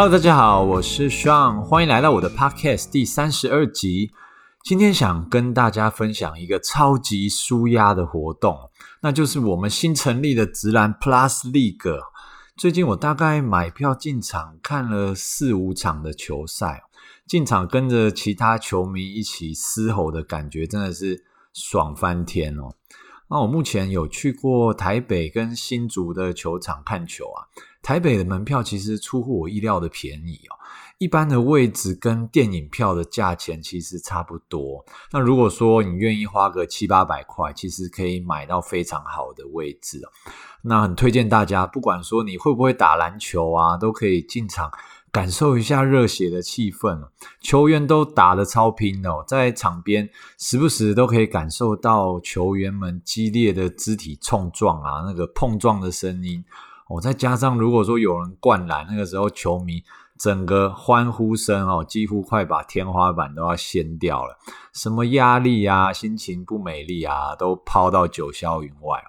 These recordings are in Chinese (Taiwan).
Hello，大家好，我是 Sean，歡迎來到我的 Podcast 第三十二集。今天想跟大家分享一個超級舒壓的活動，那就是我們新成立的職籃 Plus League。最近我大概買票進場看了四五場的球賽，進場跟着其他球迷一起嘶吼的感覺，真的是爽翻天哦！那我目前有去過台北跟新竹的球場看球啊，台北的門票其實出乎我意料的便宜哦，一般的位置跟電影票的價錢其實差不多。那如果說你願意花個七八百塊，其實可以買到非常好的位置哦。那很推薦大家，不管說你會不會打籃球啊，都可以進場。感受一下熱血的氣氛，球員都打得超拼哦，在場邊時不時都可以感受到球員們激烈的肢體衝撞啊，那個碰撞的聲音哦，再加上如果說有人灌籃，那個時候球迷整個歡呼聲哦，幾乎快把天花板都要掀掉了，什麼壓力啊、心情不美麗啊，都拋到九霄雲外。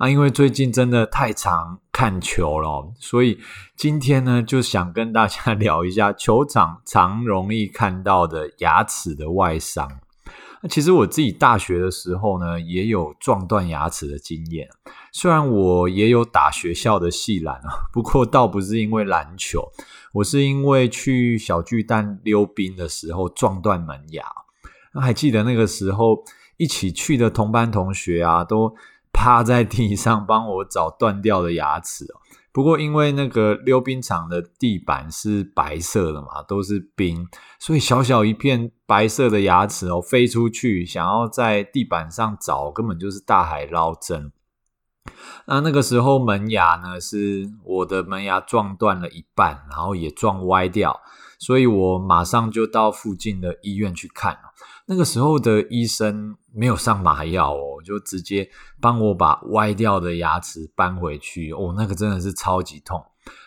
啊、因為最近真的太常看球了，所以今天呢就想跟大家聊一下球場常容易看到的牙齒的外傷。那、啊、其實我自己大學的時候呢也有撞斷牙齒的經驗，雖然我也有打學校的系籃啊，不過倒不是因為籃球，我是因為去小巨蛋溜冰的時候撞斷門牙、啊。還記得那個時候一起去的同班同學啊都。趴在地上幫我找斷掉的牙齒哦。不過因為那個溜冰場的地板是白色的嘛，都是冰，所以小小一片白色的牙齒哦飛出去，想要在地板上找，根本就是大海撈針。那那個時候門牙呢，是我的門牙撞斷了一半，然後也撞歪掉，所以我馬上就到附近的醫院去看那個時候的醫生沒有上麻藥哦，就直接幫我把歪掉的牙齒扳回去哦，那個真的是超級痛。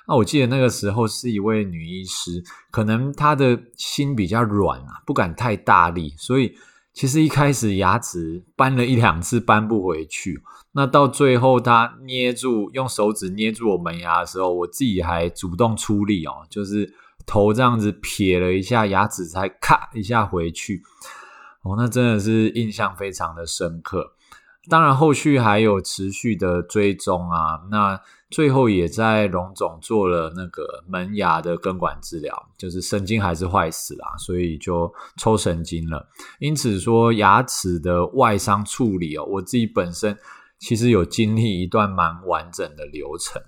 那我記得那個時候是一位女醫師，可能她的心比較軟啊，不敢太大力，所以其實一開始牙齒扳了一兩次扳不回去，那到最後她捏住用手指捏住我門牙的時候，我自己還主動出力哦，就是頭這樣子撇了一下，牙齒才咔一下回去。哦，那真的是印象非常的深刻。當然後續還有持續的追蹤啊，那最後也在榮總做了那個門牙的根管治療，就是神經還是壞死啦、啊，所以就抽神經了。因此說牙齒的外傷處理哦，我自己本身其實有經歷一段蠻完整的流程。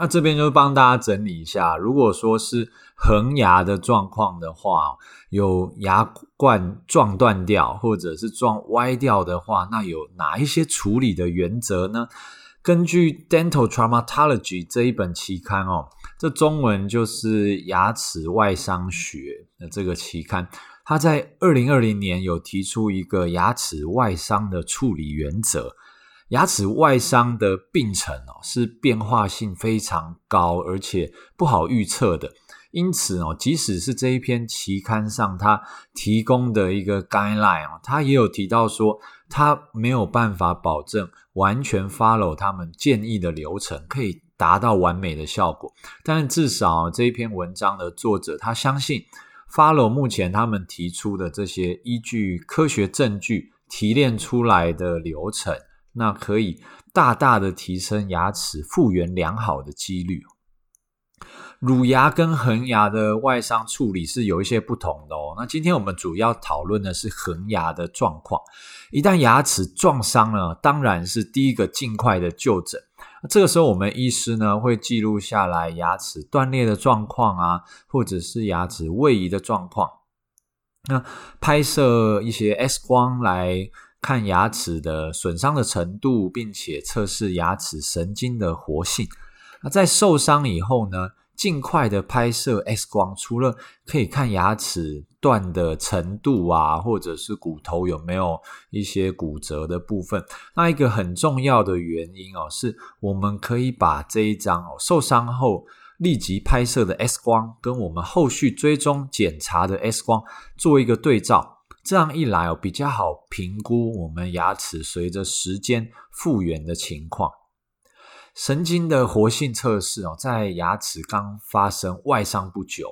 那這邊就幫大家整理一下，如果說是恆牙的狀況的話，有牙冠撞斷掉或者是撞歪掉的話，那有哪一些處理的原則呢？根據《Dental Traumatology》這一本期刊哦，這中文就是《牙齒外傷學》那這個期刊，它在二零二零年有提出一個牙齒外傷的處理原則。牙齒外傷的病程哦，是變化性非常高，而且不好預測的。因此哦，即使是這一篇期刊上他提供的一個 guideline 哦，他也有提到說，他沒有辦法保證完全 follow 他們建議的流程可以達到完美的效果。但至少這一篇文章的作者他相信 follow 目前他們提出的這些依據科學證據提煉出來的流程。那可以大大的提升牙齒復原良好的幾率。乳牙跟恆牙的外傷處理是有一些不同的哦。那今天我們主要討論的是恆牙的狀況。一旦牙齒撞傷了，當然是第一個儘快的就診。這個時候我們醫師呢會記錄下來牙齒斷裂的狀況啊，或者是牙齒位移的狀況。那拍攝一些 X 光來。看牙齒的損傷的程度，並且測試牙齒神經的活性。那在受傷以後呢，盡快的拍攝 X 光，除了可以看牙齒斷的程度啊，或者是骨頭有沒有一些骨折的部分。那一個很重要的原因哦、啊，是我們可以把這一張哦受傷後立即拍攝的 X 光，跟我們後續追蹤檢查的 X 光做一個對照。這樣一來哦，比較好評估我們牙齒隨着時間復原的情況。神經的活性測試哦，在牙齒剛發生外傷不久，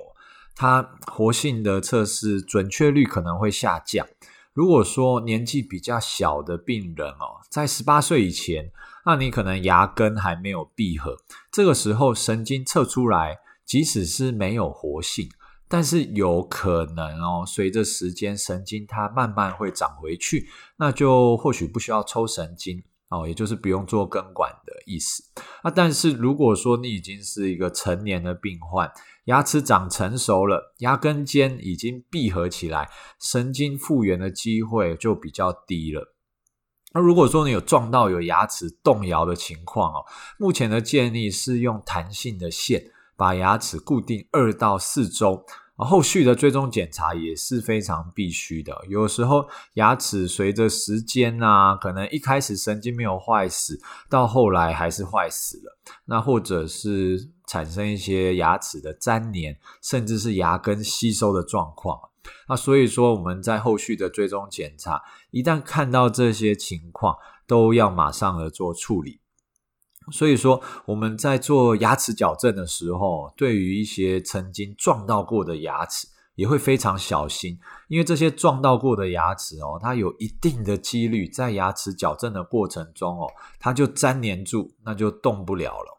它活性的測試準確率可能會下降。如果說年紀比較小的病人哦，在18歲以前，那你可能牙根還沒有閉合，這個時候神經測出來，即使是沒有活性。但是有可能哦，隨着時間神經它慢慢會長回去，那就或許不需要抽神經哦，也就是不用做根管的意思。那、啊、但是如果說你已經是一個成年的病患，牙齒長成熟了，牙根尖已經閉合起來，神經復原的機會就比較低了。那、啊、如果說你有撞到有牙齒動搖的情況哦，目前的建議是用彈性的線。把牙齒固定二到四周，啊，後續的追蹤檢查也是非常必須的。有時候牙齒隨着時間啊，可能一開始神經沒有壞死，到後來還是壞死了，那或者是產生一些牙齒的粘連，甚至是牙根吸收的狀況。那所以說，我們在後續的追蹤檢查，一旦看到這些情況，都要馬上的做處理。所以說，我們在做牙齒矯正的時候，對於一些曾經撞到過的牙齒，也會非常小心，因為這些撞到過的牙齒哦，它有一定的幾率在牙齒矯正的過程中哦，它就沾黏住，那就動不了了。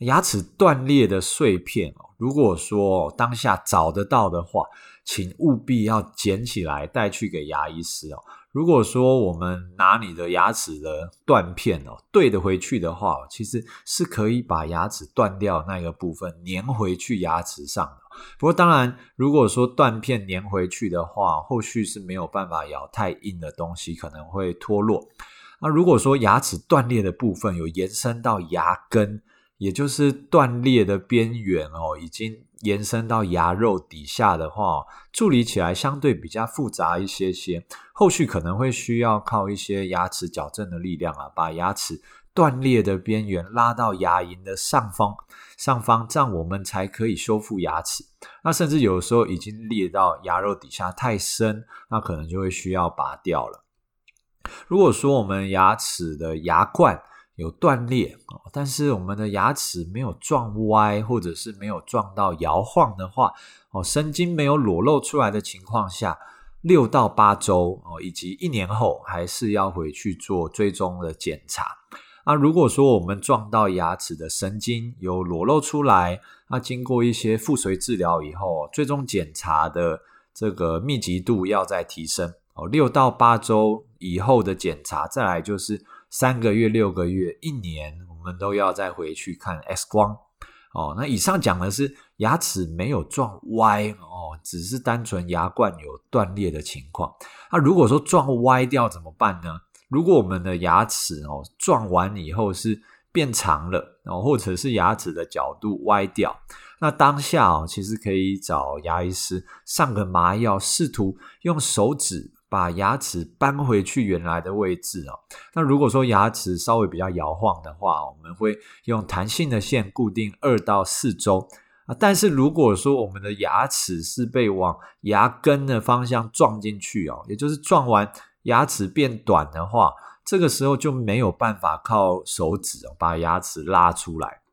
牙齒斷裂的碎片哦，如果說當下找得到的話。請務必要撿起來帶去給牙醫師哦。如果說我們拿你的牙齒的斷片哦，對得回去的話，其實是可以把牙齒斷掉那個部分粘回去牙齒上的。不過當然，如果說斷片粘回去的話，後續是沒有辦法咬太硬的東西，可能會脫落。那如果說牙齒斷裂的部分有延伸到牙根，也就是斷裂的邊緣哦，已經延伸到牙肉底下的話，處理起來相對比較複雜一些些，後續可能會需要靠一些牙齒矯正的力量啊，把牙齒斷裂的邊緣拉到牙齦的上方，上方這樣我們才可以修復牙齒。那甚至有的時候已經裂到牙肉底下太深，那可能就會需要拔掉了。如果說我們牙齒的牙冠，有斷裂，但是我們的牙齒沒有撞歪，或者是沒有撞到搖晃的話，哦，神經沒有裸露出來的情況下，六到八周哦，以及一年後還是要回去做最終的檢查那、啊、如果說我們撞到牙齒的神經有裸露出來，那、啊、經過一些覆髓治療以後，最終檢查的這個密集度要再提升哦。六到八周以後的檢查，再來就是。三個月、六個月、一年，我們都要再回去看 X 光哦。那以上講的是牙齒沒有撞歪哦，只是單純牙冠有斷裂的情況。那、啊、如果說撞歪掉怎麼辦呢？如果我們的牙齒哦撞完以後是變長了哦，或者是牙齒的角度歪掉，那當下哦其實可以找牙醫師上個麻藥，試圖用手指。把牙齒搬回去原來的位置哦。那如果說牙齒稍微比較搖晃的話，我們會用彈性的線固定二到四周啊。但是如果說我們的牙齒是被往牙根的方向撞進去哦，也就是撞完牙齒變短的話，這個時候就沒有辦法靠手指哦，把牙齒拉出來。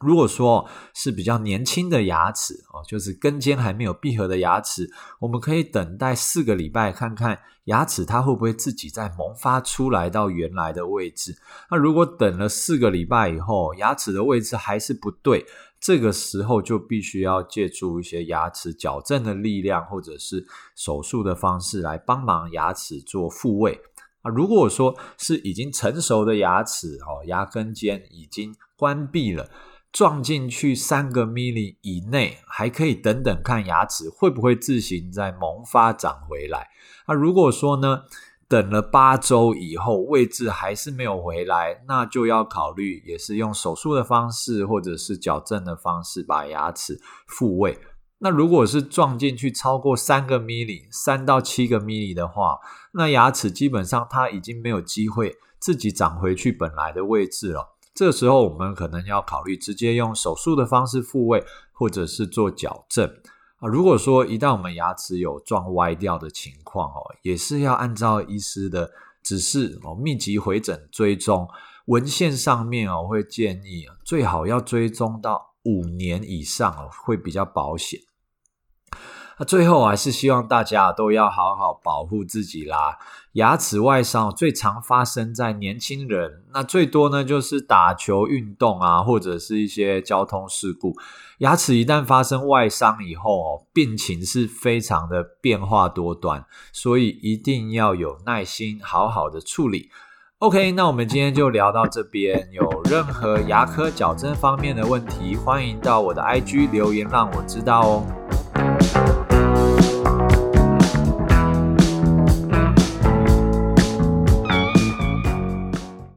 如果說是比較年輕的牙齒哦，就是根尖還沒有閉合的牙齒，我們可以等待四個禮拜看看牙齒它會不會自己再萌發出來到原來的位置。那如果等了四個禮拜以後，牙齒的位置還是不對，這個時候就必須要借助一些牙齒矯正的力量或者是手術的方式來幫忙牙齒做復位。啊，如果說是已經成熟的牙齒哦，牙根尖已經關閉了。撞進去三個 milli 以內，還可以等等看牙齒會不會自行再萌發長回來。那如果說呢，等了八週以後，位置還是沒有回來，那就要考慮，也是用手術的方式或者是矯正的方式把牙齒復位。那如果是撞進去超過三個 milli，三到七個 milli 的話，那牙齒基本上它已經沒有機會自己長回去本來的位置了。這時候我們可能要考慮直接用手術的方式復位，或者是做矯正啊。如果說一旦我們牙齒有撞歪掉的情況哦，也是要按照醫師的指示哦，密集回診追蹤。文獻上面哦，會建議最好要追蹤到五年以上哦，會比較保險。最後還是希望大家都要好好保護自己啦。牙齒外傷最常發生在年輕人，那最多呢就是打球、運動啊，或者是一些交通事故。牙齒一旦發生外傷以後，病情是非常的變化多端，所以一定要有耐心，好好的處理。OK，那我們今天就聊到這邊。有任何牙科矯正方面的問題，歡迎到我的 IG 留言，讓我知道哦。